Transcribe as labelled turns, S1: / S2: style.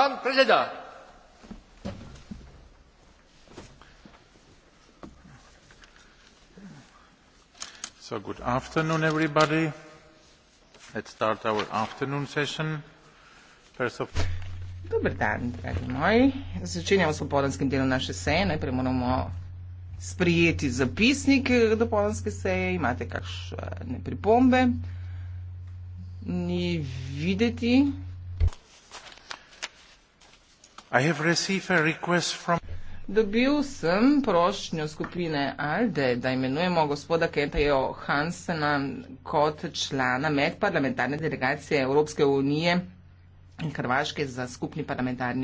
S1: Pán predseda.
S2: So good afternoon, everybody. Let's start our afternoon session. First of...
S3: Dobar dan, dragi moji. Začenjamo s popolanskim delom naše
S4: seje. Najprej moramo sprijeti zapisnik eh, do popolanske seje. Imate kakšne pripombe? Ni videti. Dobil sem prošnjo skupine Alde, da imenujemo gospoda Kenta Johansena kot člana medparlamentarne delegacije Evropske unije
S5: in Hrvaške za skupni parlamentarni